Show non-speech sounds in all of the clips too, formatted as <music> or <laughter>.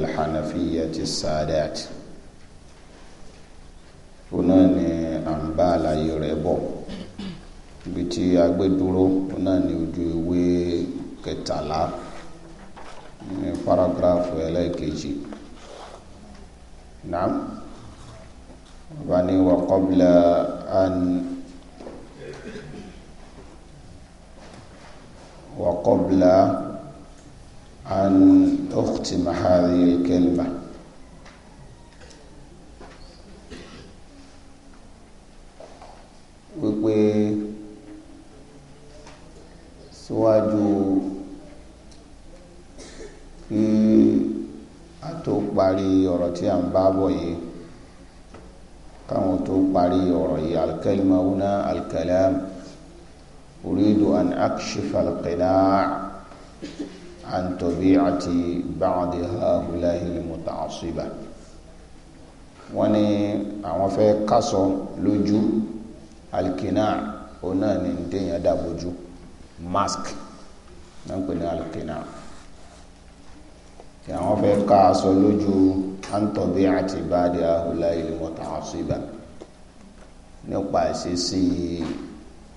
الحنفية السادات ọ̀nà ni à ń bá àlàyé rẹ̀ bọ̀ ibi tí a gbé dúró ọ̀nà ni ojú ìwé kẹtàlá ní paragraafu ẹlẹ́ẹ̀kejì naam ọba wa qabla an wa qabla. أن أختم هذه الكلمة wípé síwájú kí a tó parí ọ̀rọ̀ tí a ń bá bọ̀ yìí káwọn tó parí ọ̀rọ̀ yìí alkalima una alkalam uridu an akshifa alqinaa عن طبيعة بعض هؤلاء المتعصبة wọ́n ní àwọn fẹ́ kásọ lójú alkina òun náà ni téèyàn dàbójú mask náà ń pè ní alkina àwọn fẹ́ kásọ lójú antọ́bí àti báàdì ahùlá ìlú mọ́tàásíbà nípa ìṣesí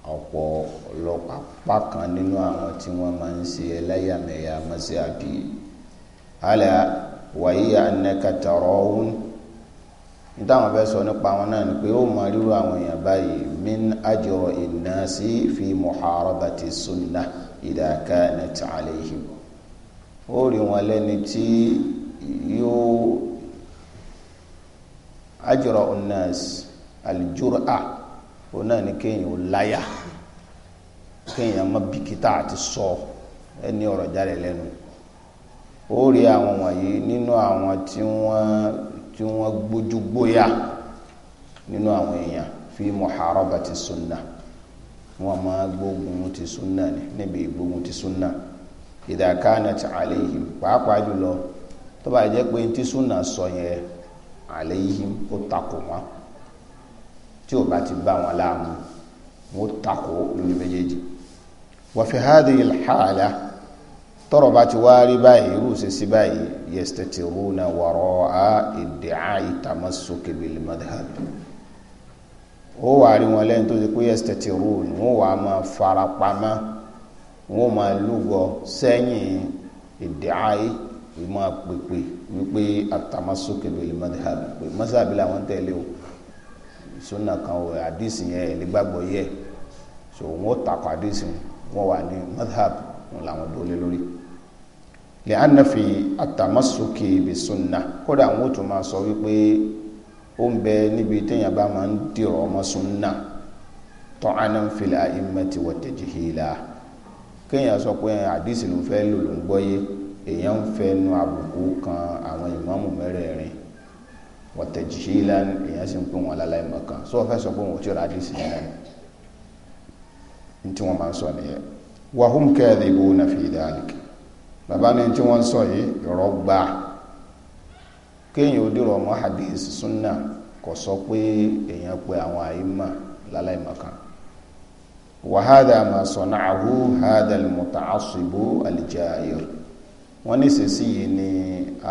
ọ̀pọ̀ ọlọ́pàá pákan nínú àwọn tí wọ́n máa ń ṣe ẹlẹ́yàmẹ̀yà mọ́síàbí alá wàyí anaka tarọ́hún nítawọn fẹ́ sọ nípa wọn náà ni pé ó máa ríru àwọn èèyàn báyìí min ajọ ìnáṣí fi muharabati sunna ìdàkà nàti àlẹ́yìn ó rí wọn lẹ́ni tí yóò ajọ ìnáṣí aljur'a. òun náà ni kéèyàn ò láyà kéèyàn má bìkítà àti sọ ẹni ọ̀rọ̀ jáde lẹ́nu ó rí àwọn wọ̀nyí nínú àwọn tí wọ́n tí wọ́n gbójú gbóyà nínú àwọn èèyàn fi muharabati sunna wọ́n máa gbógun ti sunna níbi ìgbógun ti sunna idha pàápàá jùlọ tó bá pé ti sunna sọ yẹn ó takò tí ò bá ti bá wọn láàmú wọn takò lórí méjèèjì wa fi hadhihi al-hala tọrọ bá ti wá rí báyìí irú sísí báyìí yastatiruna wara'a idda'i tamassuki bil madhhab ó wà rí wọn lẹ́yìn tó ti pé yastatiruna wọn wà máa fara pamọ́ wọn máa lúgọ sẹ́yìn idda'i ìmọ̀ pèpè wípé at-tamassuki bil madhhab pé mọ́sáàbí làwọn tẹ̀lé o sunna kan o àdìsí yẹn ẹ̀ lè gbàgbọ́ yẹ so wọn takọ àdìsí wọn wà ní madhab wọn la dólé lórí lè á nà fi àtàmásókè ibi sunna kódà wọn tún máa sọ wípé ó ń bẹ níbi téèyàn bá máa ń dìrọ̀ ọmọ sunna tọ́hánà ń filẹ̀ àìmọ̀tì wọ̀tẹ̀jì hìlà kéèyàn sọ pé àdìsí ló fẹ́ lò ló èèyàn ń nu àbùkù kan àwọn ìmáàmù mẹ́rẹ̀ẹ̀rin wọ̀tẹ̀jìhìlá èèyàn sì ń pín wọn láláì mọ̀kan sọ fẹ́ sọ pé wọn ò tí ò rà dísì nínú ní tí wọ́n máa ń sọ nìyẹn wàhùn kẹ́ẹ̀dẹ̀ ìbò na fi dhalik bàbá ní tí wọ́n sọ yìí ọ̀rọ̀ gbà kéèyàn ó dìrọ̀ mọ́ hadith sunna kò sọ pé èèyàn pe àwọn àyímà láláì mọ̀kan wàhádà máa sọ náà àhú hádà mọ̀tà àṣìbò àlìjáyìr wọ́n ní sèṣì yìí ní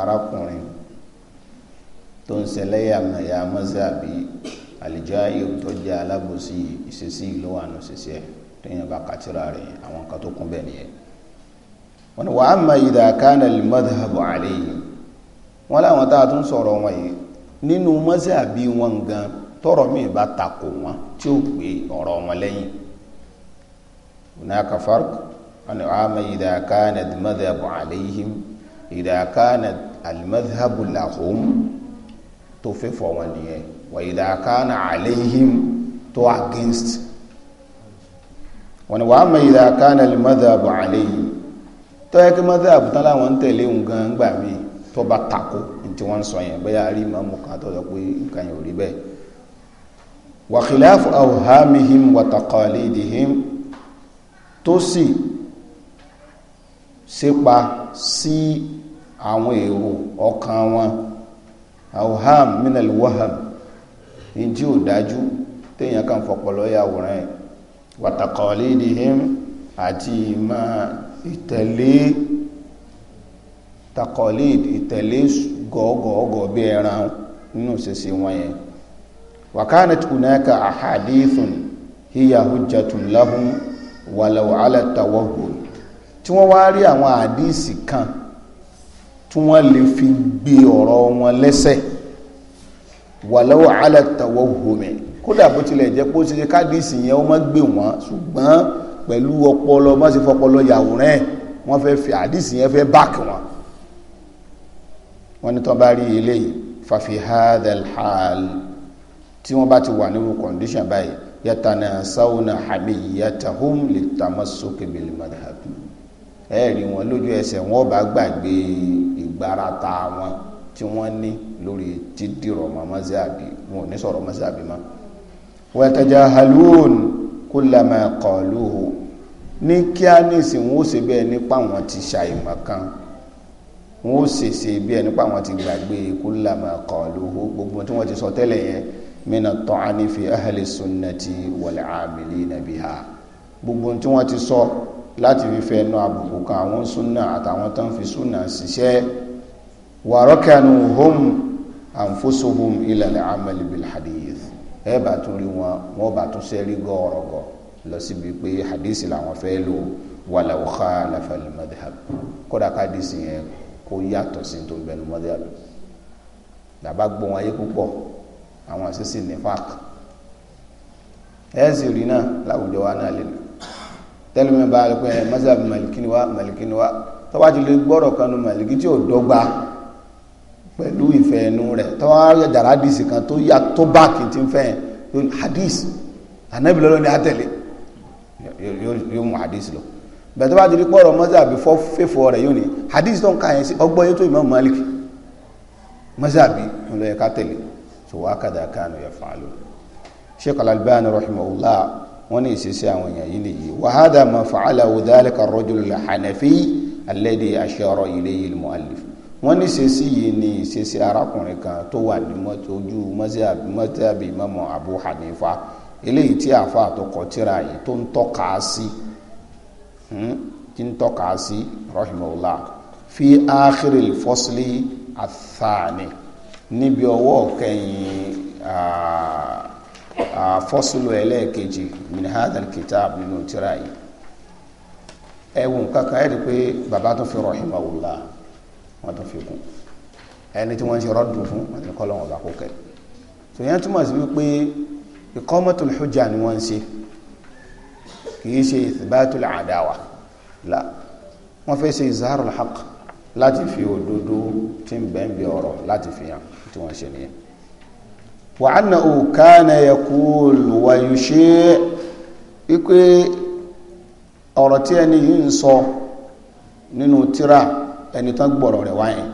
arákùnrin tó ń ṣẹlẹ̀ yàmẹ̀yà mọ́sàbí àlìjá ìrù tó jẹ́ alábòsí ìṣesí ìlú àánú ṣiṣẹ́ téèyàn bá kàtírà rẹ̀ àwọn nǹkan tó kún bẹ́ẹ̀ nìyẹn wọ́n ní wàá mọ ìdá kánà lè madhhabu alayhi wọ́n láwọn tá a tún sọ̀rọ̀ wọn yìí nínú mọ́sàbí wọn gan tọrọ mi bá takò wọn tí ó pè ọ̀rọ̀ wọn lẹ́yìn hunaka farq wọ́n ní wàá mọ ìdá kánà madhhabu alayhim ìdá kánà al madhhabu lahum tó fẹ́ fọ̀ wọn nìyẹn wàyídà kánà àléhìm tó against wọn wàá mọ ìdá kánà lè madhab àléhìm tó yẹ kí madhab tán láwọn ń tẹ̀lé òun gan gbà mí tó bá tako tí wọ́n ń sọ yẹn bẹ́ẹ̀ rí màmú kan tó sọ pé nǹkan yẹn ò rí bẹ́ẹ̀ wa khilafu awhamihim tó sì sépa sí àwọn èrò ọkàn wọn awham minal waham ní tí ò dájú téèyàn kàn fọpọlọ ya àwòrán ẹ̀ wa taqalidihim àti ìmọ̀ ìtẹ̀lé taqalid ìtẹ̀lé gọ́gọ́gọ́ bí ẹran nínú sẹsẹ wọn yẹn wa kanat hunaka ahadithun hiya hujjatun lahum walau ala tawahhum tí wọ́n wá rí àwọn àdíìsì kan tí wọ́n lè fi gbé ọ̀rọ̀ wọn lẹ́sẹ̀ wàlọ́wọ́ alẹ́tàwọ́ homi kódà bó tilẹ̀ jẹ́ pé ó ṣe kádìsì yẹn ó má gbé wọn ṣùgbọ́n pẹ̀lú ọpọlọ má ṣe fọpọlọ yàwòrán ẹ̀ wọ́n fẹ́ fi àdìsì yẹn fẹ́ báàkì wọn wọ́n ní tán bá rí eléyìí fàfi hadalhal tí wọ́n bá ti wà nínú condition báyìí yàtàna sáwọnà hàmì yàtàhùn lè tàmásókè bìlì madhab ẹ̀rí wọn lójú ẹsẹ̀ wọn bá gbàgbé ìgbárata wọn tí wọ́n ní lórí dídìrọ̀ mọ́mọ́sáàbí wọn ò ní sọ̀rọ̀ mọ́mọ́sáàbí mọ́. wa yatajahalun kullama qaluhu ní kíá nísìn wọn ṣe bẹ́ẹ̀ nípa wọn ti ṣàìmọ̀ kan wọn ó ṣèṣe bí ẹni wọn ti gbàgbé kullama qaluhu gbogbo tí wọ́n ti sọ tẹ́lẹ̀ yẹn mina ta'ani fi sunnati gbogbo tí wọ́n ti sọ láti fi fẹ́ ẹnu àbùkù kan àwọn súnà àtàwọn tán fi súnà ṣiṣẹ́ wàrọ́kànù hom àǹfóṣohom ìlàlẹ̀ amẹ́lì bil hadith ẹ bá tún rí wọn wọn bá tún sẹ́rí gọ́ọ̀rọ̀gọ̀ lọ síbi pé hadith làwọn fẹ́ lò wàlàwò khalafa al madhhab kódà ká hadith yẹn kó yàtọ̀ sí tó ń bẹnu madhhab dàbá gbọ́ wọn ayé púpọ̀ àwọn àṣìṣe nifaq ẹ̀ sì rí náà láwùjọ wa náà lè tẹ́lẹ̀mí bá rẹ̀ pé mazhab malikiniwa malikiniwa tó bá ti lè gbọ́rọ̀ kanu maliki tí ò dọ́gba pẹ̀lú ìfẹ́ ẹnu rẹ̀ tó wá yẹ jàrá hadisi kan tó yà tó bá kì í ti hadis anabi lọ́lọ́ ni a tẹ̀lé yóò hadis lọ bẹ́ẹ̀ tó bá ti lè gbọ́rọ̀ mazhab fọ́ fẹ́fọ́ hadis tó ka yẹn sí ọgbọ́n yóò tó Imam Maliki mazhab ló yẹ ká tẹ̀lé so wákàdà kanu yaf'alun Sheikh Al-Albani wọ́n ní ìṣesí àwọn èèyàn yìí nìyí wàhádà ma fàálà wùdálẹ́kà rọ́jòlá hànàfí alẹ́dẹ̀ aṣọ́rọ̀ ilé yìí mọ́ alif wọ́n ní ìṣesí yìí ní ìṣesí arákùnrin kan tó wà ní mọ́tòjú mọ́tàbí mọ́mọ́ abu hanifa eléyìí tí àfa àtọkọ tíra yìí tó ń tọ́ka sí hmm, tí ń tọ́ka sí rahimahullah fi áàkiri fọ́sílì àtàní níbi ọwọ́ kẹyìn ah, àfọ́sùlù ẹlẹ́ẹ̀kejì min hadal kitab nínú tíra yìí ẹwùn kankan ẹ̀rí pé bàbá tó fi rahimahullah wọn tó fi kún ẹni tí wọ́n ń ṣe rọ́dù fún àtìkọ́lọ́ wọn bá kó kẹ́ tó yẹn túmọ̀ sí wípé iqamatul hujja ni wọ́n ń ṣe kìí ṣe ithbatul adawa la wọ́n fẹ́ ṣe izharul haqq láti fi òdodo tí ń bẹ́ẹ̀ bí ọ̀rọ̀ láti fi hàn tí wọ́n ṣe nìyẹn وأنه كان يقول ويشيع ipe ọ̀rọ̀ tí ẹni yìí ń sọ nínú tíra ẹni tán gbọ́rọ̀ rẹ̀ wáyé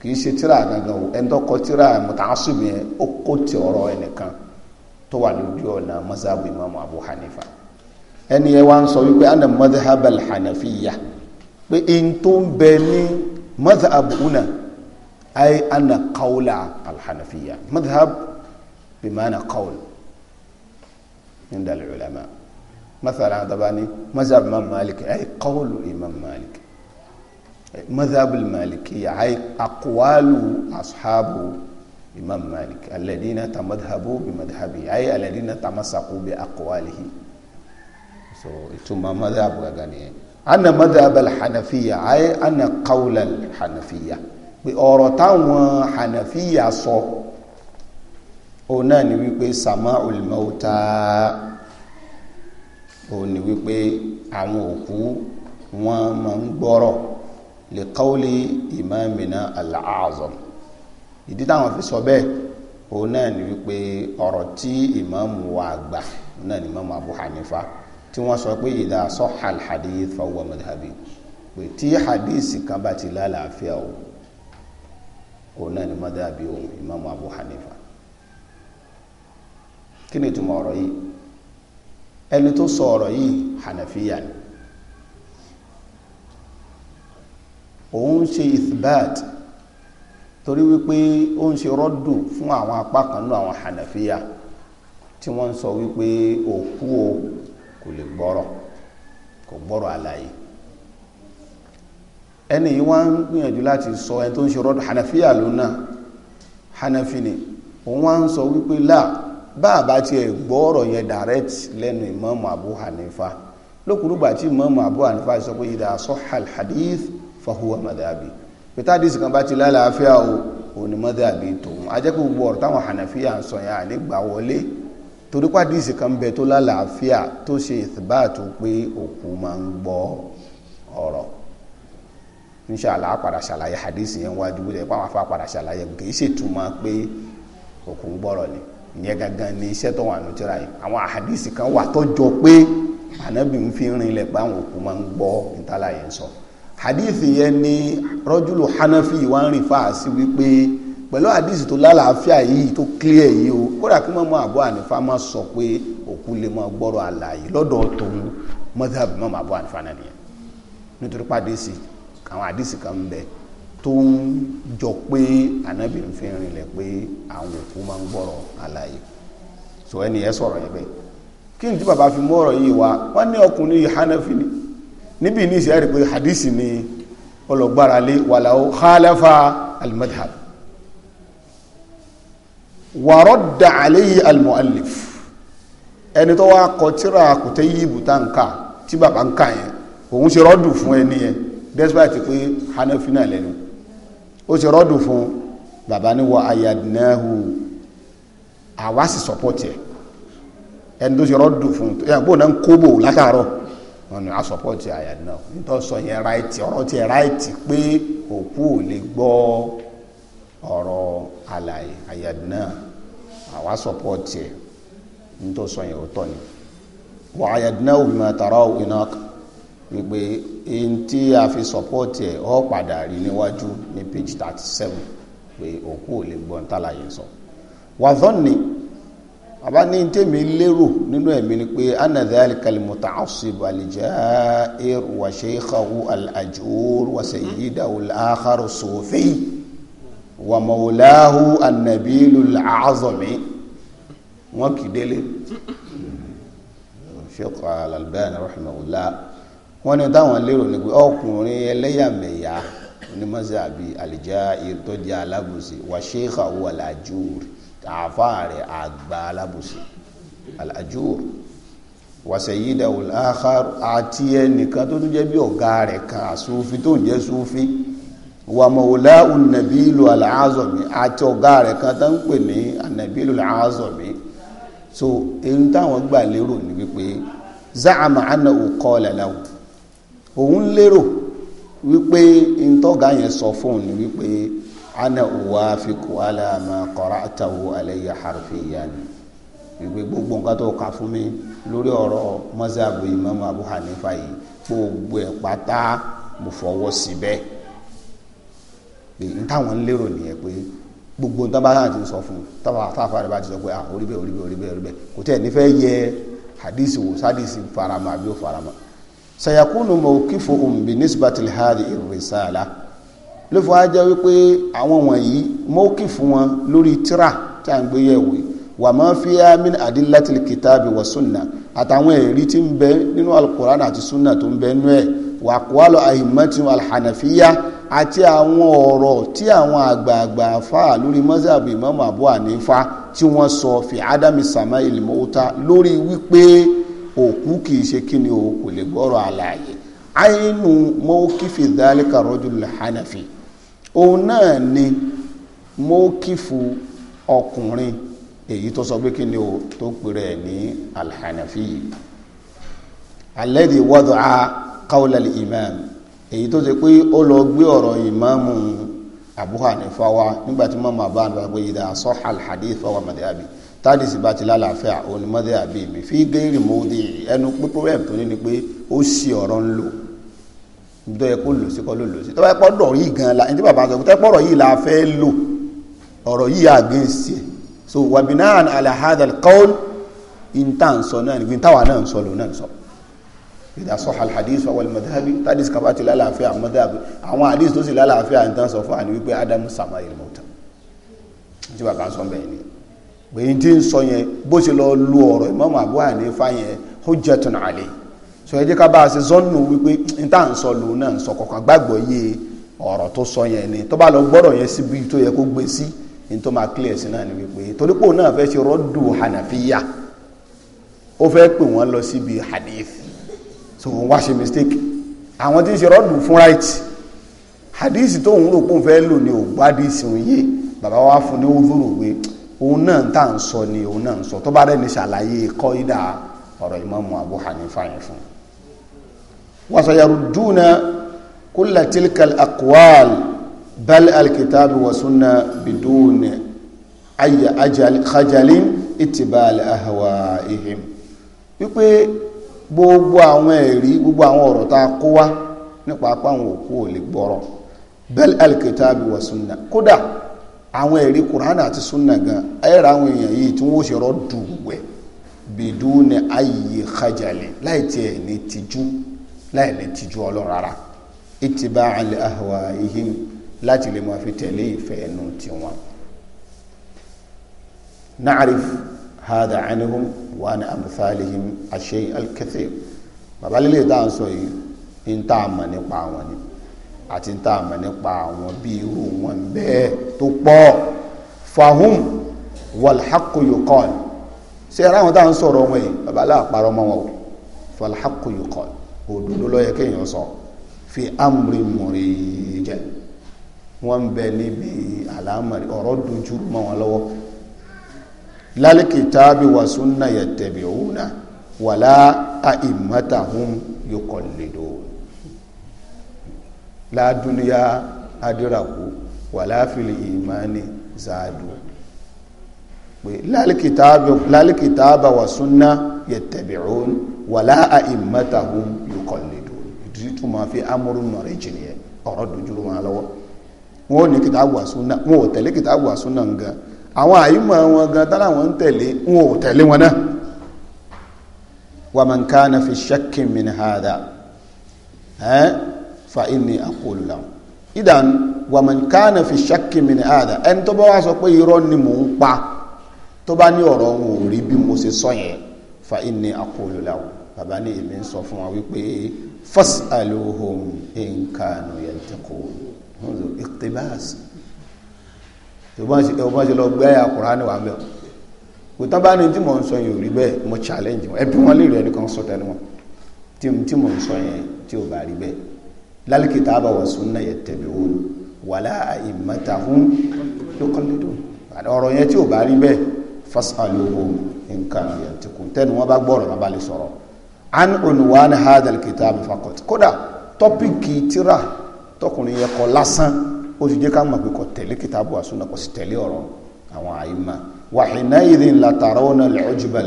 kì í ṣe tíra gangan o ẹni tó kọ tíra mùtàásùmí ẹ ó kó ti ọ̀rọ̀ ẹnìkan tó wà lójú ọ̀nà mọ́sáàbù imáàmù abu hanifa ẹni yẹn wá ń sọ wípé anna mọ́sáàbù hanafiya pé in tó ń bẹ ní mọ́sáàbù una ayé anna kawla alhanafiya mọ́sáàbù بمعنى قول عند العلماء مثلا طبعا مذهب امام مالك اي قول امام مالك مذهب المالكيه اي اقوال اصحاب امام مالك الذين تمذهبوا بمذهبه اي الذين تمسكوا باقواله سو ثم مذهب غني يعني. ان مذهب الحنفيه اي ان قول الحنفيه بأورطان حنفيه صو òun náà ni wípé sama'ul mauta òun ni wípé àwọn òkú wọn máa ń gbọ́rọ̀ li qawli imamina al-azam ìdí táwọn fi sọ bẹ́ẹ̀ òun náà ni wípé ọ̀rọ̀ tí ìmáàmù wa àgbà náà ni ìmáàmù Abu Hanifa tí wọ́n sọ pé idha sahha al-hadith fa pé tí hadith kan bá ti lálàáfíà òun náà ni madhhabi òun ìmáàmù Abu Hanifa kí ni ìtumọ̀ ọ̀rọ̀ yìí ẹni tó sọ ọ̀rọ̀ yìí hànàfíyà ni òun ṣe ithbat torí wípé ó ń ṣe rọ́dù fún àwọn apá kan nínú àwọn hànàfíyà tí wọ́n ń sọ wípé òkú o kò lè gbọ́rọ̀ kò gbọ́rọ̀ àlàyé ẹni yìí wá ń gbìyànjú láti sọ ẹni tó ń ṣe rọ́dù hànàfíyà lónà hànàfí ni òun wá ń sọ wípé láà bá a bá tiẹ̀ gbọ́ ọ̀rọ̀ yẹn direct lẹ́nu ìmáàmù Abu Hanifa lókùrúgbà tí ìmáàmù Abu Hanifa sọ pé ìdá sọ́hàl hadith fahuwa madhabi pété hadith kan bá ti lálàáfíà o òun ni madhabi tòun ajẹ́ pé gbogbo ọ̀rọ̀ táwọn Hanafiya ń sọ yẹn ànígbà wọlé torí pé hadith kan bẹ tó lálàáfíà tó ṣe ìtìbáàtò pé òkú máa ń gbọ́ ọ̀rọ̀ inṣàlá padà ṣàlàyé hadith yẹn wájú wílẹ̀ pàwọn afá padà ṣàlàyé kì í ṣètumọ̀ pé òkú ń gbọ́rọ̀ ni ìyẹn gangan ni iṣẹ́ tó wà nùtírà yìí àwọn àhàdìsì kan wà tó jọ pé ànábì ń fi rinlẹ̀ pé àwọn òkú máa ń gbọ́ ìtàlá yẹn sọ hadithi yẹn ni rọ́júlù hanafi wa ń rìn fáàsì wípé pẹ̀lú hadithi tó lálàáfíà yìí tó clear yìí o kódà kí mọ́mọ́ àbọ̀ ànífà máa sọ pé òkú lè máa gbọ́rọ̀ àlàyé lọ́dọ̀ tòun mọ́tàbí mọ́mọ́ àbọ̀ ànífà náà nìyẹn nítorí pàdé sí àwọn hadithi kan ń bẹ́ẹ̀ tó ń jọ pé ànábì ń fi rinlẹ̀ pé àwọn òkú máa ń gbọ́rọ̀ àlàyé sọ ẹni ẹ sọ̀rọ̀ yẹn bẹ́ẹ̀ kí n tí bàbá fi mú ọ̀rọ̀ yìí wá wọ́n ní ọkùnrin yìí hanafi ni níbi ní ìṣe àrí pé hadisi ni ọlọ́gbára lé wàláwó khalafa al-madhhab wa radda alayhi al-muallif ẹni tó wá kọ tíra Kutayyibu tá ń kà tí bàbá ń yẹn òun ṣe rọ́dù fún ẹni yẹn despite pé hanafi náà lẹ́nu ó ti rọ́dùn fún bàbá ní wọ ayadinahu àwa sì sọpọ́tì ẹ̀ ẹni tó ti rọ́dùn fún tó yẹ kó náà ń kóbò látàárọ̀ wọn ni a sọpọ́tì ayadinahu nítorí sọ yẹn ráìtì ọ̀rọ̀ ti ráìtì pé òkú ò lè gbọ́ ọ̀rọ̀ àlàyé ayadinahu àwa sọpọ́tì ẹ̀ nítorí sọ yẹn òótọ́ ni wọ ayadinahu bima taraw iná kan wípé èyí tí a fi sọ́pọ́ọ̀tì ẹ̀ ọ́ padà rí níwájú ní page thirty seven pé òkú ò lè gbọ́n tàlàyé sọ. wàzọ́ọ̀nì àbá ní tèmi lérò nínú ẹ̀mí ni pé anadhali kalimuta asib alijair wa sheikhahu alajur wa sayyidahu alakharu sofi wa maulahu anabilu alazami wọn kì í délé sheikh alalbani rahimahullah wọ́n ní táwọn lérò ní pé ọkùnrin ẹlẹ́yàmẹ̀yà onímọ̀sẹ̀ àbí àlìjá tó jẹ́ alábùsí wà ṣéèkà wọ àlàjúùrì àáfàá rẹ̀ àgbà alábùsí àlàjúùrì wàṣẹ̀yídà al-akhar àti ẹnìkan tó tún jẹ́ bí ọ̀gá rẹ̀ kan àsúfi tó ń jẹ́ súfi wà mọ̀wòlá an-nabilu àti ọ̀gá rẹ̀ kan tó ń pè ní an-nabilu so èyí táwọn gbà lérò ní wípé za'ama annahu qala lahu òun lérò wípé ntọ́gà yẹn sọ ni wípé ana uwafiqu ala ma qara'tahu alayya harfiyan wípé gbogbo nǹkan tó kà fún mi lórí ọ̀rọ̀ mọ́sáàbù imam abu hanifa yìí gbogbo ẹ̀ pátá mo fọwọ́ sí bẹ́ẹ̀ gbogbo nǹkan bá ti sọ fún un táfà rẹ̀ bá ti sọ pé ah, farama àbí farama sayakunu mawqifuhum binisbati li hadhihi risala ló fọ ajẹ́ wípé àwọn wọ̀nyí mawqifu wọn lórí tírà tí a ń gbé yẹ̀wò wà máa fi amin adillatil kitabi wa sunna àtàwọn ẹ̀rí tí ń bẹ nínú alukur'an àti sunna tó ń bẹ nú ẹ̀ wà kúwálọ̀ ahimmatu alhanafiya àti àwọn ọ̀rọ̀ tí àwọn àgbààgbà fa lórí mọ́sáàbù imamu abu hanifa tí wọ́n sọ fi adami sama ilmọ́ta lórí wípé òkú kìí ṣe kí ni o kò lè gbọ́rọ̀ àlàyé àyínú mọ́kífì dálíkà rọ́jùl hanafi òun náà ni mọ́kífù ọkùnrin èyí tó sọ pé kí ni o tó pèrè ní alhanafi alẹ́dì a kawlal imam èyí tó ṣe pé ó lọ gbé ọ̀rọ̀ Abu Hanifa wa nígbàtí mọ́mọ́ àbá àdúrà pé ìdá sọ́hà alhadith fọwọ́ tádìsí bá ti lálàáfíà òun ni mọ́dé àbí mi fi géèrè mọ́dé ẹnu pé problem tó ní ni pé ó sì ọ̀rọ̀ ń lò nítorí ẹ kó lò sí kọ́ ló lò sí tọ́wọ́ ẹ pọ́dọ̀ yìí gan la ẹni tí bàbá sọ pé pọ́dọ̀ yìí la fẹ́ lò ọ̀rọ̀ yìí against ẹ̀ so wabinan ala hadha alqawl ìntà ń sọ náà nígbìn táwa náà ń sọ lòun náà ń sọ ìdá sọ alhadis wal madhabi tádìsí kan bá ti lálàáfíà madhabi àwọn hadis tó sì lálàáfíà ìntà ń sọ fún àní wípé adamu samayil mọ́ta tí bàbá sọ bẹ́ẹ̀ ni gbèyìn tí ń sọ yẹn bó ṣe lọ lu ọ̀rọ̀ Imam Abu Hanifa yẹn hujjatun alayhi sọ yẹn jẹ́ ká bá a ṣe zọ́nù wípé n tá à ń sọ lòun náà ń sọ kọ̀ọ̀kan gbàgbọ́ yé ọ̀rọ̀ sọ yẹn ni tó bá lọ gbọ́dọ̀ yẹn síbi tó yẹ kó gbé sí ní tó máa clear sí náà ni wípé náà fẹ́ ṣe rọ́dù hànàfíyà ó fẹ́ pè wọ́n lọ síbi hadith so wọ́n wá ṣe mistake àwọn tí ń ṣe fún right hadith tóun rò fẹ́ lò ní òun náà ń tà ń sọ ni òun náà ń sọ tó bá rẹ̀ ní ṣàlàyé kọ́ ìdá ọ̀rọ̀ Imamu Abu Hanifa yẹn fún wa sayaruduna kulla tilka al-aqwal bal al-kitab wa sunna bidun ayya ajal khajalin itibal ahwaihim wípé gbogbo àwọn ẹ̀rí gbogbo àwọn ọ̀rọ̀ tá a kó wá nípa apá àwọn òkú ò lè gbọ́rọ̀ bal al wa sunna kódà àwọn ẹ̀rí Kùránì àti súnà gan ẹ̀rọ àwọn èèyàn yìí tí wọ́n ṣe rọ́ dùwẹ̀ bèdú ni ayé kájàlè láì tiẹ̀ ní tìjú láì ní tìjú ọlọ́run rárá ìtìbá àlẹ́ àhùwà ihim láti lè máa fi tẹ̀lé ìfẹ́ ẹnu tiwọn. نعرف هذا عنهم وعن أمثالهم الشيء الكثير bàbá lílé sọ yìí ń tá mọ̀ nípa àwọn ni àti ń tà mọ̀ nípa àwọn bí irú wọn bẹ́ẹ̀ tó pọ̀ fahum walhaqqu yuqal ṣe ara àwọn táwọn sọ̀rọ̀ wọn yìí bàbá aláàparọ́ mọ́ wọn o falhaqqu yuqal òdodo ló yẹ kéèyàn sọ fi amri murij wọ́n ń bẹ níbi àlámọ̀rí ọ̀rọ̀ dojú mọ́ wọn lọ́wọ́ lálẹ́kìtàbí wa sunna yattabi'una wala a'immatahum yuqallidun ládúlíyà adírakú wà láfìlì ìmáni zaadu pé lálìkìtàbà wà súnná yattabi'un wà láà ìmátàhùn yuqallidun ìdí tó máa fi amúrú nọ̀rẹ́ jìnìyàn ọ̀rọ̀ dojúrú wọn lọ́wọ́ wọn ò ní kìtàbù wà súnná wọn ò tẹ̀lé kìtàbù wà súnná gan àwọn àyímọ̀ wọn gan tán láwọn ń tẹ̀lé wọn ò tẹ̀lé wọn náà wa man kana fi shakkin min hadha ẹ́ fa inni aqulu lahu idan wàmàn kánà fi ṣákì mi ní àdá ẹni tó bá wá sọ pé irọ́ ni mò ń pa tó bá ní ọ̀rọ̀ òun ò rí bí mo ṣe sọ yẹn fa inni aqulu lahu bàbá ní èmi ń sọ fún wa wípé fas'aluhum in kanu yantiqun iqtibas tó bá ṣe lọ gbé àyà Kùránì wà bẹ́ẹ̀ kò tán bá ní tí mò ń sọ yẹn ò rí bẹ́ẹ̀ mo challenge wọn ẹbí wọn lè rí ẹnìkan sọ tẹnu wọn tí mò ń sọ yẹn tí ò bá rí bẹ́ẹ̀ lálìkìtàbà wà súnà yattabi'un wàlá àìmọ́tàhún yuqallidun ọ̀rọ̀ yẹn tí ò bá rí bẹ́ẹ̀ fas'aluhum in kanu yantiqun tẹ́nu wọn bá gbọ́rọ̀ bá balẹ̀ sọ̀rọ̀ an unwan hadal kitabi faqat kódà tọ́pìkì tíra tọkùnrin yẹn kọ lásán ó ti jẹ́ ká mọ̀ pé kò tẹ̀lé kìtàbù wà súnà kò sì tẹ̀lé ọ̀rọ̀ àwọn àìmọ́ wàhìnà ìdí ńlá tààrà ọ̀nà lẹ́ọ̀jùbà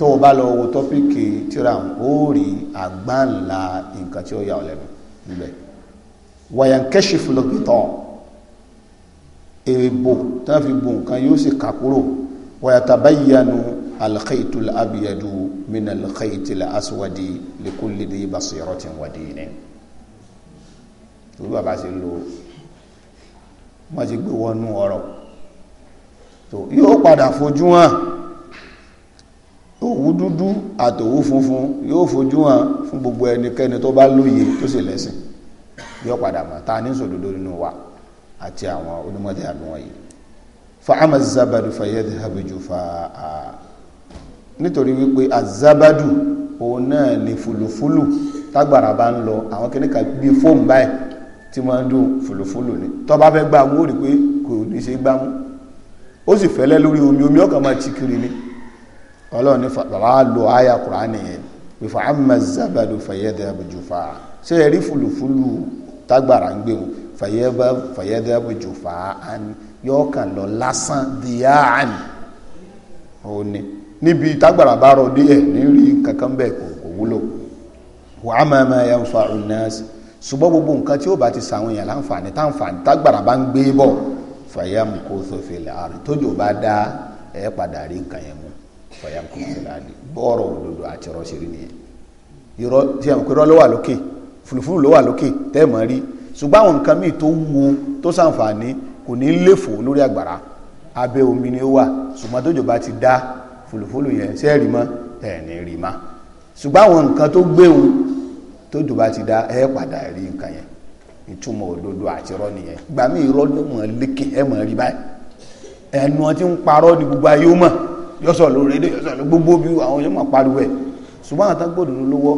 tó o bá lọ wo tọ́pìkì tíra ó rí àgbáǹlà nǹkan tí ó yà ọ́ lẹ́nu níbẹ̀ wàyànkẹ́sì fúlọ́gbìtàn èèbò tó fi bò nǹkan yóò sì kà kúrò wàyàtàbáyanu alkhaitul abiyadu min alkhaitul aswadi likulli di basiratin wadini torí bàbá ṣe lo wọ́n ti gbé wọnú ọ̀rọ̀ yóò padà fojú hàn òwú dúdú àtòwú funfun yóò fojú hàn fún gbogbo ẹnikẹ́ni tó bá lóye tó sì lẹ́sìn yóò padà mọ̀ ta ní sòdodo nínú wa àti àwọn onímọ̀tẹ́ àbí wọ̀nyí fa ama zabadu fa yẹ́ dhahabujú fa a nítorí wípé azabadu òun náà ni fulufulu tágbàrà bá ń lọ àwọn kìnnìkà bíi fóòmù báyìí tí wọ́n ń dún fulufulu ni tó bá fẹ́ gbàmú ó rí pé kò ní ṣe gbàmú ó sì fẹ́lẹ́ lórí omi omi ọkàn máa ti kiri ni ọlọ́run ní bàbá lo àyà kùránì yẹn ìfà àmà zábàlù fàyẹ́dẹ́ àbùjùfà ṣé ẹ̀rí fùlùfùlù tágbàrà ń gbé wọn fàyẹ́dẹ́ àbùjùfà yóò kàn lọ lásán díyà àn òní níbi tágbàrà bá rọ díẹ̀ nírí kankan bẹ́ẹ̀ kò wúlò wà á máa máa yẹn fa ọ̀nàṣì ṣùgbọ́n gbogbo nǹkan tí ó bá ti sàwọn èèyàn láǹfààní táǹfààní tágbàrà bá ń gbé bọ̀ fàyàmù kó sófin làárẹ̀ tójú bá dá ẹ̀ padà rí nǹkan yẹn mú fọyà kò fún láàdì bọ́ọ̀rọ̀ òdodo àti ọ̀rọ̀ ṣeré nìyẹn irọ́ tí a mọ̀ pé irọ́ ló wà lókè fùlùfùlù ló wà lókè tẹ́ mọ̀ rí ṣùgbọ́n àwọn nǹkan míì tó wúwo tó sàǹfààní kò ní léfò lórí àgbàrá abẹ́ omi ni ó wà ṣùgbọ́n tójò bá ti dá fùlùfùlù yẹn ṣe é rí mọ́ ẹ̀ ní rí má ṣùgbọ́n àwọn nǹkan tó gbéhùn tójò bá ti dá ẹ̀ padà rí nǹkan yẹn ìtumọ̀ òdodo àti nìyẹn gbàmí irọ́ lékè ẹ̀ mọ̀ rí báyìí ẹnu ọtí ń parọ́ ni gbogbo ayé ó mọ̀ yọ́sọ̀ ló rẹ̀ yọ́sọ̀ ló gbogbo bí àwọn yọ́mọ̀ pariwo ẹ̀ ṣùgbọ́n àtàn gbọ́dọ̀ lówó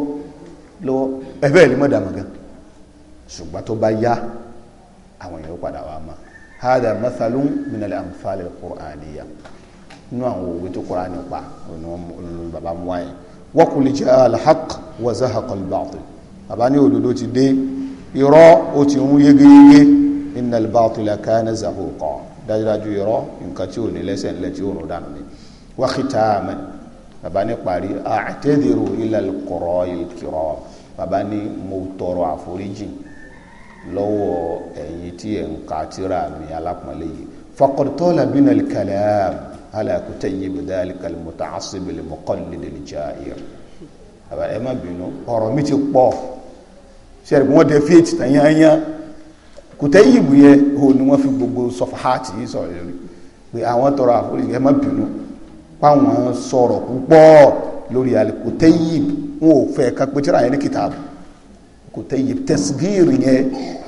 lọ́wọ́ ẹ̀fẹ́ ìlú mọ̀dà mọ̀gán ṣùgbọ́n tó bá yá àwọn èèyàn padà wà má hada mathalun minal amthal al-qur'aniyya nínú àwọn òwe tó kọ́ra nípa olùrùn bàbá mú wáyé wa qul jaa al-haqq wa zahaqa al-batil bàbá ní òdodo ti dé irọ́ ó ti ń yégeyége innal batila kana dájúdájú irọ́ nǹkan tí ò ní lẹ́sẹ̀ ńlẹ̀ tí ò rún dànù ni wa khitaman bàbá ní parí a'tadiru ila al-qura'il kiram bàbá ní mo tọrọ àforíjì lọ́wọ́ ẹ̀yin tí ẹ̀ ń ka tírà mi alápọ̀nlé yìí faqad tala bina al-kalam ala kutayyib dhalika al-muta'assib al-muqallid al-ja'ir bàbá ẹ má bínú ọ̀rọ̀ mi ti pọ̀ sẹ́ẹ̀rì wọ́n dẹ fíìtì tán yányá kutayyib yẹ òun ni wọ́n fi gbogbo sọfahàtì yìí sọ̀rọ̀ lórí pé àwọn tọrọ àforíjì ẹ má páwọn sọ̀rọ̀ púpọ̀ lórí alikuteyib wọn ò fẹ́ ká pé tíra yẹn ní kìtàbù kuteyib tẹsgírì yẹn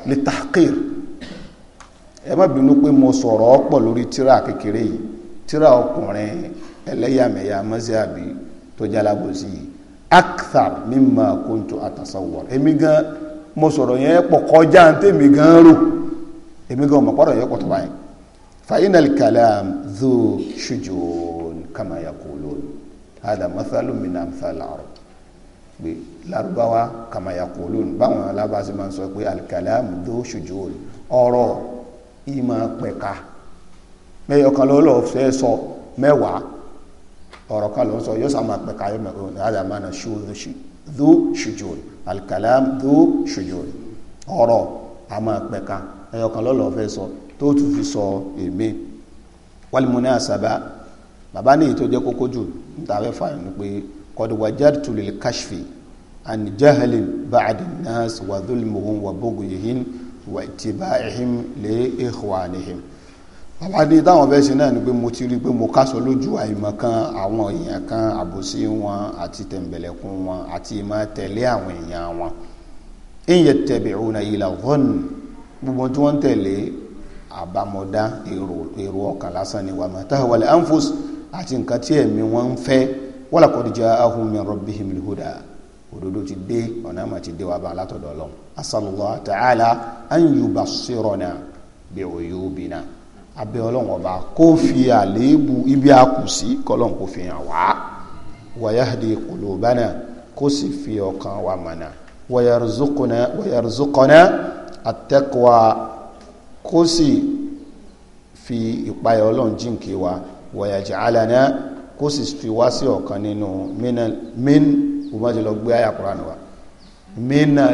lè tàkìr ẹ má bínú pé mo sọ̀rọ̀ ọ̀pọ̀ lórí tíra kékeré yìí tíra ọkùnrin ẹlẹ́yàmẹ̀yà mọ́síàbí tó jálábòsí yìí akthar mimma kuntu atasawwar èmi gan mo sọ̀rọ̀ yẹn pọ̀ kọjá tèmi gan rò èmi gan mọ̀ pọ̀rọ̀ yẹn pọ̀ tó báyìí kama yaqulun hada masalu min amsal arab pé lárúbáwá kama yaqulun báwọn alábàásí máa ń sọ pé alikalam dó shujul ọ̀rọ̀ ìmọ̀ pẹ̀ka mẹ́yọ̀ kan lọ́lọ́ fẹ́ sọ mẹ́wàá ọ̀rọ̀ kan lọ́sọ yóò sá máa pẹ̀ka yóò mẹ́kọ̀ọ́ ní hada mana dó shujul alikalam dó shujul ọ̀rọ̀ a máa pẹ̀ka ẹ̀yọ̀ kan lọ́lọ́ fẹ́ sọ tó tún fi sọ èmi wal munasaba bàbá ní èyí tó jẹ́ kókó jù níta fẹ́ fààyàn ni pé kọ́dùwà jáde tu lil kashfi an jahalin ba'di nas wa dhulmuhum wa bughyihin wa ittiba'ihim li ikhwanihim bàbá ní táwọn fẹ́ ṣe náà ni pé mo ti rí i pé mo kásọ lójú àìmọ̀ kan àwọn èèyàn kan àbòsí wọn àti tẹ̀m̀bẹ̀lẹ̀kún wọn àti ìmọ̀ tẹ̀lé àwọn èèyàn wọn in yattabi'una illa dhann gbogbo tí wọ́n tẹ̀lé àbámọ̀dá èrò ọkàn lásán ni wa ma tahwal anfus àti nǹkan tí ẹ̀mí wọn ń fẹ́ walaqad ja'ahum min rabbihimul huda òdodo ti dé ọ̀nà àmà ti dé wa bá látọ̀dọ̀ Ọlọ́run asallallahu ta'ala an yubassirana bi uyubina abẹ́ Ọlọ́run ọba kó fi àléébù ibi àkùsí kọ́lọ́n kó fi hàn wá wa yahdi kó sì fi ọkàn wa mọ̀nà wa yarzuquna kó sì fi ìpayà Ọlọ́run jíǹkí wa wàyàjàálànà kó sì fi wá sí ọ̀kan nínú min ọmọdé lọ gbé àyà kúránù wa mina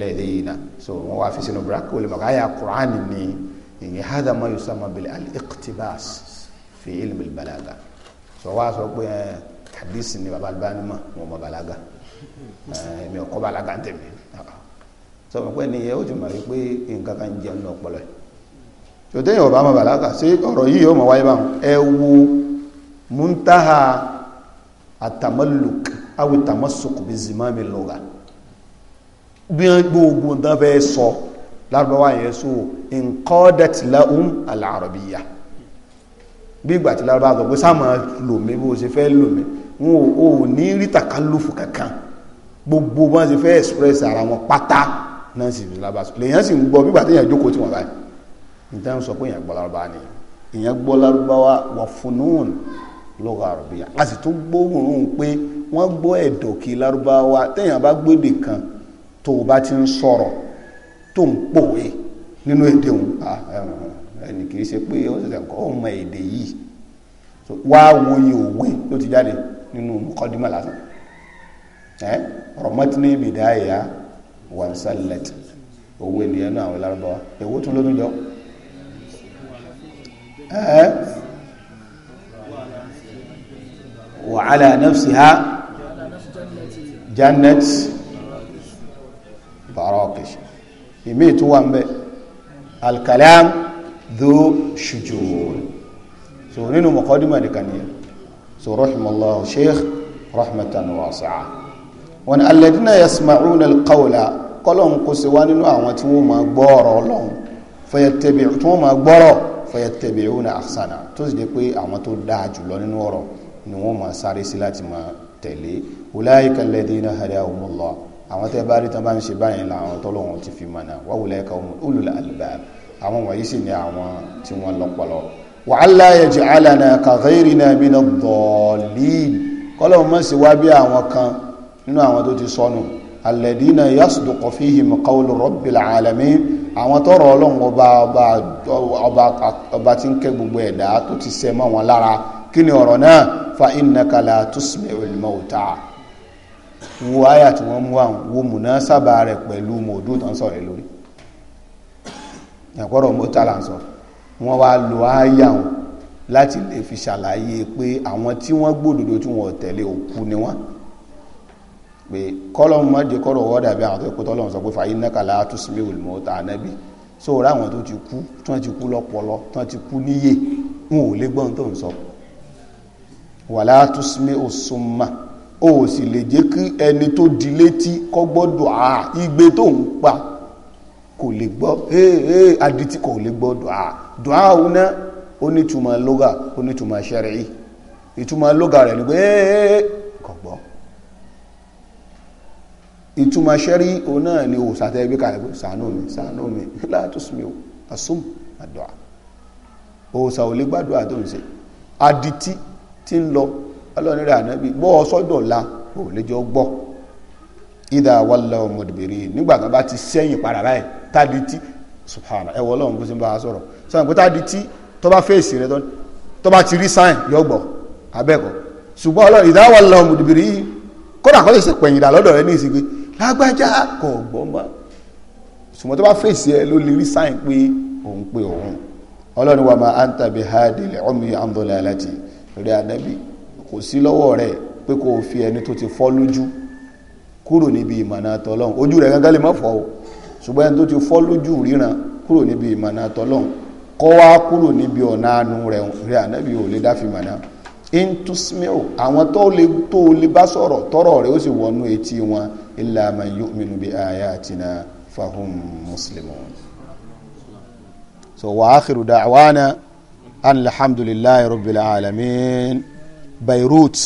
lẹ́yìnà so wọ́n wá fi sínú bracket olè mọ̀ká àyà kúránù ni ìyẹn hadha ma yusamma bil al-iqtibas fi ilmi al-balaga so wá sọ pé eh, hadith ni baba albani ma mo mọ balaga eh, mi ò kọ́ balaga ń tẹ̀mí so wọ́n pẹ́ ni ẹ ó ti mọ̀ wípé nǹkan kan jẹun ní ọpọlọ tòtẹ́yìn ọ̀bá ma bàlágà sí ọ̀rọ̀ yìí yóò mọ̀ wáyé bá ẹ wo múntáhà àtàmọ́lùk awìtàmọ́sùkù bí zimami lọ́gà bí wọ́n gbogbo dán fẹ́ sọ lárúbáwá yẹn sọ nkọ́dẹ̀tìlá um alárọ̀bíyà bí ìgbà tí lárúbá sọ pé sáàmà lòmí bó ṣe fẹ́ lòmí wọn ò ní rí tàkálùfù kankan gbogbo wọn ṣe fẹ́ express ara wọn pátá náà sì lè yẹn sì ń gbọ́ bí ìgbà tí yẹn jókòó tí wọ́n báyìí nítorí sọ pé èèyàn gbọ́ lárúbá ni èèyàn gbọ́ lárúbá wa wà fúnún lọ́gà Asitu a sì tún gbóhùn pé wọ́n gbọ́ ẹ̀dọ̀kì lárúbá wa téèyàn bá gbédè kan tó o bá ti ń sọ̀rọ̀ tó ń pòwe nínú èdè òun ẹnì kì í ṣe pé ó ṣẹ̀ṣẹ̀ kọ́ ọmọ èdè yìí wá wo iye òwe ló ti jáde nínú mọ́kọ́dímọ̀ lásán ẹ ọ̀rọ̀ mọ́tínú ìbìdá ẹ̀yà wànsálẹ̀tì òwe nìyẹn náà àwọn lárúbáwá èwo tún ló tún wa ala nafsiha jannat barakish ìmí ìtúwà ń bẹ alkalam dhu shujur so nínú mọ̀kọ́dúnmọ̀ nìkan ni so rahimallahu sheikh rahmatan wasi'a wọn alladina yasma'una alqawla kọlọ́n kò sí wá nínú àwọn tí wọ́n máa gbọ́ ọ̀rọ̀ ọlọ́run fẹ́yẹ̀tẹ̀bì tí wọ́n máa gbọ́rọ̀ fayattabi'una ahsana tó sì dé pé àwọn tó dáa jùlọ nínú ọ̀rọ̀ ni wọ́n máa sáré sí láti máa tẹ̀lé ulaika alladhina hadahumullah àwọn tẹ́ bá rí tán bá ń ṣe báyìí làwọn tọ́lọ́wọ́n ti fi mọ̀nà wa ulaika ulul albab àwọn wọ̀nyí sì ni àwọn tí wọ́n lọ́pọlọ wa alla yaj'alana ka ghayrina minad-dallin kọ́lọ̀ mọ́ sí wá bí àwọn kan nínú àwọn tó ti sọnù alladhina yasduqu fihim qawlu rabbil alamin àwọn tọrọ ọlọ́run ọba ọba ọba ọba tí ń kẹ́ gbogbo ẹ̀dá tó ti sẹ́ mọ́ wọn lára kí ni ọ̀rọ̀ náà fa innaka la tusmi'ul mauta wo àyà tí wọ́n mú àwọn wo múná sábà rẹ̀ pẹ̀lú mòdú tó ń sọ̀rọ̀ lórí ẹ̀kọ́rọ̀ mọ́tà là ń sọ wọ́n wá lo àyà wọn láti lè fi ṣàlàyé pé àwọn tí wọ́n gbódòdó tí wọ́n tẹ̀lé òkú ni wọ́n pé kọ́lọ́mù má jẹ́ kọ́rọ̀ wọ́dà bí àwọn tó kó tọ́lọ́mù sọ pé fàyí náà la túsùmí olùmọ̀ ta ànábì so ráwọn tó ti kú tí wọ́n ti kú lọ́pọlọ tí wọ́n ti kú níyè wọn ò lè gbọ́n tó ń sọ wà la túsùmí òsùnmà ó sì lè jẹ́ kí ẹni tó di létí kọ́ gbọ́dọ̀ à igbe tó ń pa kò lè gbọ́ ee adití kò lè gbọ́ dùá dùá òun náà ó ní túmọ̀ lóga ó ní túmọ̀ ṣẹ̀rẹ̀ yìí ìtumọ̀ lóga rẹ̀ ni pé ee kò gbọ́ ìtumọ̀ ṣẹ́rí òun náà ni òòsà tẹ́ gbé kalẹ̀ pé sàánú mi sàánú mi látòsùnmí <laughs> o asum àdọ́à o ò lè gbàdúrà tó ń ṣe adití tí ń lọ ọlọ́run rẹ̀ ànábì bọ́ ọ sọ́dọ̀ la ò lè jọ gbọ́ ìdá wàlá ọmọdébìrì nígbà kan bá ti sẹ́yìn padà báyìí tádìtí subhana ẹ̀wọ̀ ọlọ́run bó ti ń bá a sọ̀rọ̀ sọ̀rọ̀ pé tádìtí tó bá fèsì rẹ̀ tó bá ti rí sáìn yọ gbọ́ abẹ́kọ̀ ṣùgbọ́n ọlọ́run ìdá wàlá ọmọdébìrì kódà kọ́ lè ṣe pẹ̀yìndà lọ́dọ̀ rẹ̀ ní ìsìnkú lágbájá kò gbọ́ mọ́ ṣùgbọ́n tó bá fèsì ẹ ló lè rí sáyìn pé òun pé òun ọlọ́run wa máa ń tàbí hadil ọmọ àǹdọ̀lẹ̀ aláti rẹ̀ ànábì kò sí lọ́wọ́ rẹ̀ pé kò fi ẹni tó ti fọ́ lójú kúrò níbi ìmọ̀nà àtọ́lọ́hun ojú rẹ̀ gángan lè má o ṣùgbọ́n ẹni tó ti fọ́ lójú ríran kúrò níbi ìmọ̀nà àtọ́lọ́hun kọ́ wá kúrò níbi ọ̀nà àánú rẹ̀ rẹ̀ ànábì ò lè dáfi mọ̀nà intusmiu àwọn tó lè tó lè bá sọ̀rọ̀ tọ́rọ̀ rẹ̀ ó sì wọnú etí wọn illa man yu'minu bi ayatina fahum muslimun so wa akhiru da'wana alhamdulillahi rabbil alamin beirut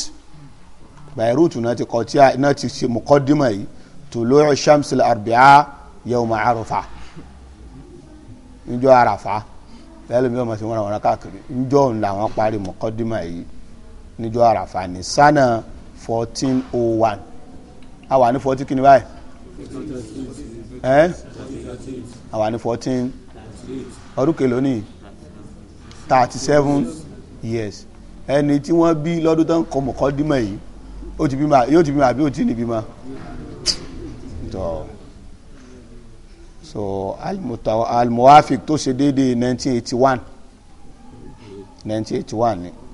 beirut náà ti kọ́ tí a náà ti ṣe muqaddima yìí tulu shamsil arbi'a yawma arafa níjọ́ arafa lẹ́yìn ọmọ sí wọn àwọn káàkiri níjọ́ ńlá wọn parí muqaddima yìí níjọ́ àràfà ní sánà fourteen oh one a wà ní fourteen kí báyìí ẹ ní fourteen ọdún kèlò ní thirty years ẹni tí wọ́n bí lọ́dún tó ń kọ mọ̀kọ́ dímọ̀ yìí ó ti bímọ yóò ti bímọ àbí ó ti ní bímọ tó so almuwafik tó ṣe déédéé nineteen eighty one nineteen eighty ni.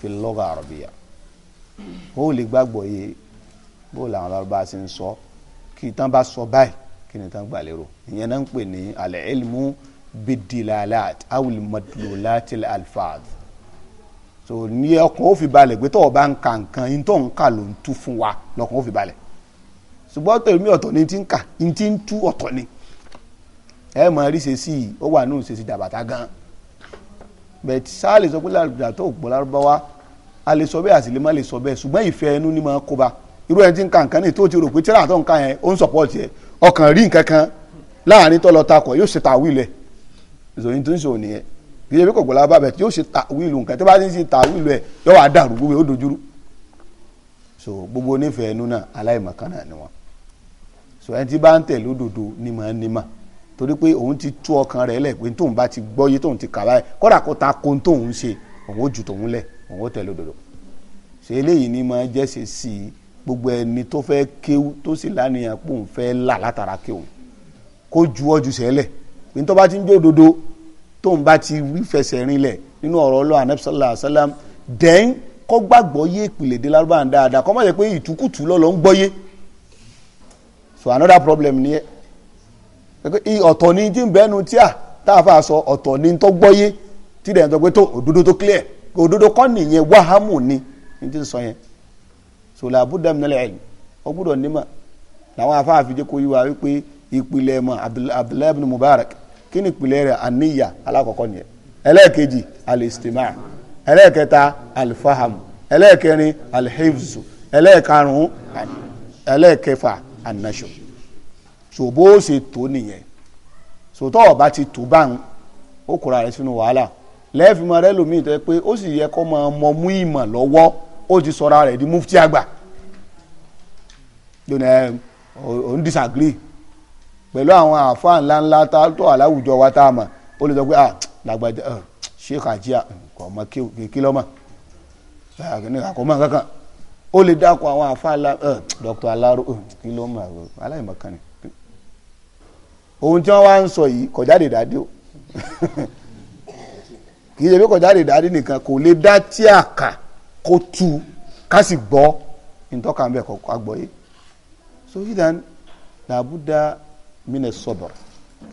fi lọ́gà àrọ̀bíyà ó lè gbàgbọ́ yé bó làwọn lárúbá ṣe ń sọ kí tán bá sọ báyìí kí ni tán gbà lérò ìyẹn náà ń pè ní alẹ́ ilmu bidilalat awul madlulat alfaz so ní ọkàn ó fi balẹ̀ pé tọ́wọ́ bá ń ka nǹkan yín tó ń kà ló ń tú fún wa lọ́kàn ó fi balẹ̀ ṣùgbọ́n tèmi ọ̀tọ̀ ni ti ń kà ní ti ń tú ọ̀tọ̀ ni ẹ mọ̀ rí ṣe sí i ó wà ní òṣèṣì dàbàtà gan-an bẹ̀t sáà lè sọ pé làgbà tó gbọ́ lárúbáwá a lè sọ bẹ́ẹ̀ àti lè má lè sọ bẹ́ẹ̀ ṣùgbọ́n ìfẹ́ ẹnu ni máa kóba irú ẹni tí ń ka nǹkan ní tó ti rò pé tíra àtọ̀ nǹkan yẹn ó ń sọ̀pọ̀tì ẹ̀ ọkàn rí nǹkan kan láàrin tọ́lọ takọ̀ yóò ṣe tàwílẹ̀ ìṣòyìn tó ń ṣòwò nìyẹn kì í ṣe pé kò gbọ́lá bàbẹ̀ tí yóò ṣe tàwílù nǹkan tó bá ti ń ṣe tàwílù ẹ̀ yóò wá dàrú gbogbo ó dojúrú so gbogbo onífẹ̀ẹ́ nuna náà aláìmọ̀kan náà ni wọn so ẹni tí bá ń tẹ̀ lódodo ni màá torí pé òun ti tú ọkàn rẹ̀ lẹ̀ pé tóun bá ti gbọ́ yé tóun ti kàwá ẹ̀ kódà kó ta kó tóun ṣe òun ó ju tòun lẹ̀ òun ó tẹ̀lé òdodo ṣe eléyìí ni máa jẹ́ ṣe sí i gbogbo ẹni tó fẹ́ kéwú tó sì lánìyàn pé òun fẹ́ là látara kéwú kó ju ọjù sẹ́lẹ̀ pé tó bá ti ń jó òdodo tóun bá ti rí fẹsẹ̀ rinlẹ̀ nínú ọ̀rọ̀ ọlọ́run anabi sallallahu dẹ́n kọ́ gbàgbọ́ yé ìpìlẹ̀ dé lárúbáwá dáadáa kọ́ má jẹ́ pé ìtukùtù lọ́lọ́ ń gbọ́ yé so another problem nìyẹn ọ̀tọ̀ ni tí ń bẹ́nu tíà tá a sọ ọ̀tọ̀ ni tó gbọ́yé tí dẹ̀ ń sọ tó òdodo tó clear òdodo kọ́ nìyẹn wàhámù ni ní ti sọ yẹn sọlá abúdá mi nílẹ̀ ẹ̀yìn ó làwọn afáàfin jẹ́ kó yí wa wípé ìpìlẹ̀ mọ̀ abdullahi ibn mubarak kí ni ìpìlẹ̀ rẹ̀ àníyà alákọ̀ọ́kọ́ nìyẹn ẹlẹ́ẹ̀kejì alistima ẹlẹ́ẹ̀kẹta alifaham ẹlẹ́ẹ̀kẹrin ẹlẹ́ẹ̀karùn-ún ẹlẹ́ẹ̀kẹfà so bó o ṣe tó nìyẹn so ọba ti tó báwọn ó kóra rẹ sínú wàhálà lẹ́ẹ̀fìmọ̀ rẹ lómi ìtọ́ pé ó sì yẹ kó mọ mú ìmọ̀ lọ́wọ́ ó ti sọra rẹ̀ di mufti àgbà lónìí ẹ ò ń disagree pẹ̀lú àwọn àáfàá ńláńlá tó àláwùjọ wa tá a mọ̀ ó lè sọ pé ah sheikh ajia kò mọ kí lọ́mọ àkọ́mọ kankan ó lè dákun àwọn àáfàá ńlá dr alaro kí lọ́mọ aláìmọ̀kan ohun tí wọ́n wá ń sọ yìí kò jáde dádé o <laughs> kì í ṣe pé kò jáde dádé nìkan kò lè dá tí a kó tu ká sì gbọ́ ìtọ́ka ń bẹ̀ kọ́ àgbọ̀ yìí so idan làbúdá mínẹ sọ̀bọ̀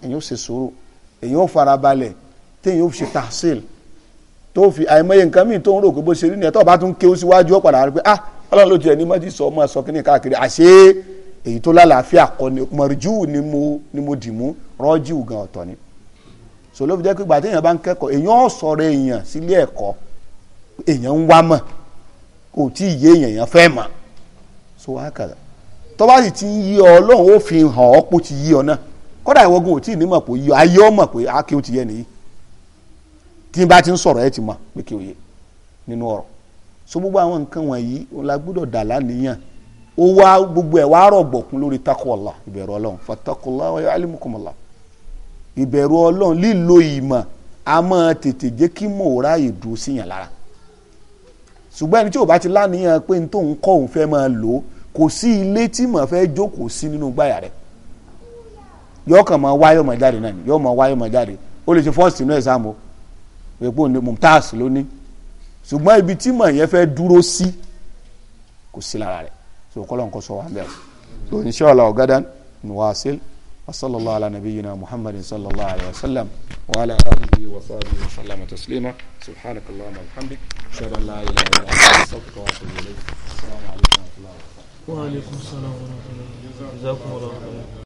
èyàn ó ṣe sùúrù èyàn ó farabalẹ̀ téèyàn ó ṣe tahsil tó fi àìmọye nǹkan míì tó ń rò pé bó ṣe rí ni ẹ̀ tó bá tún ké ó síwájú ọ̀padà rẹ pé ah ọlọ́run ló tiẹ̀ ní mọ́tì sọ ọmọ sọ kínní káàkiri àṣé èyí tó lálàáfíà kọ́ ni mọ̀rìjú ni mo ni mo dì mú rọ́jù ọ̀tọ̀ ni so fi jẹ́ pé bá ń kẹ́kọ̀ọ́ èèyàn sọ̀rọ̀ èèyàn sílé ẹ̀kọ́ èèyàn ń wá mọ̀ kò tí ì yé èèyàn fẹ́ mọ̀ so wá kàdà tó sì ti ń yí ọ ọlọ́run ó fi hàn ti yí ọ náà kọ́dà ìwọ gan ò mọ̀ pé yí ayé ọ mọ̀ ti yẹ nìyí tí n bá ti ń sọ̀rọ̀ ẹ o yẹ nínú ọ̀rọ̀ so ó wá gbogbo ẹ̀ wá rọ̀gbọ̀kún lórí takola ìbẹ̀rù ọlọ́run fatakola wa alimukumala ìbẹ̀rù ọlọ́run lílo ìmọ̀ a máa tètè jẹ́ kí mòórá yìí dúró síyàn lára ṣùgbọ́n ẹni tí ò bá ti láníyàn pé ní tóun kọ́ òun fẹ́ máa lò ó kò sí ilé tí mò ń fẹ́ jókòó sí nínú gbàyà rẹ̀ yọ kàn máa wáyọ̀ máa jáde náà ni yọ máa wáyọ̀ máa jáde ó lè ṣe fọ́ọ̀sì inú ẹ̀sán o èpo ní mumtaz lónìí ṣùgbọ́n ibi tí mò yẹn fẹ́ dúró sí kò sí lára rẹ̀ so kọ́lọ́n kó sọ wa bẹ́ẹ̀ inshallah gadan nuwasil wa sallallahu ala nabiyyina muhammadin sallallahu alaihi wasallam wa ala alihi wa sahbihi wa sallam taslima subhanak allahumma wa bihamdik ashhadu an la ilaha illa anta astaghfiruka wa atubu ilayk assalamu alaykum wa rahmatullahi wa barakatuh wa alaykum assalam wa rahmatullahi wa barakatuh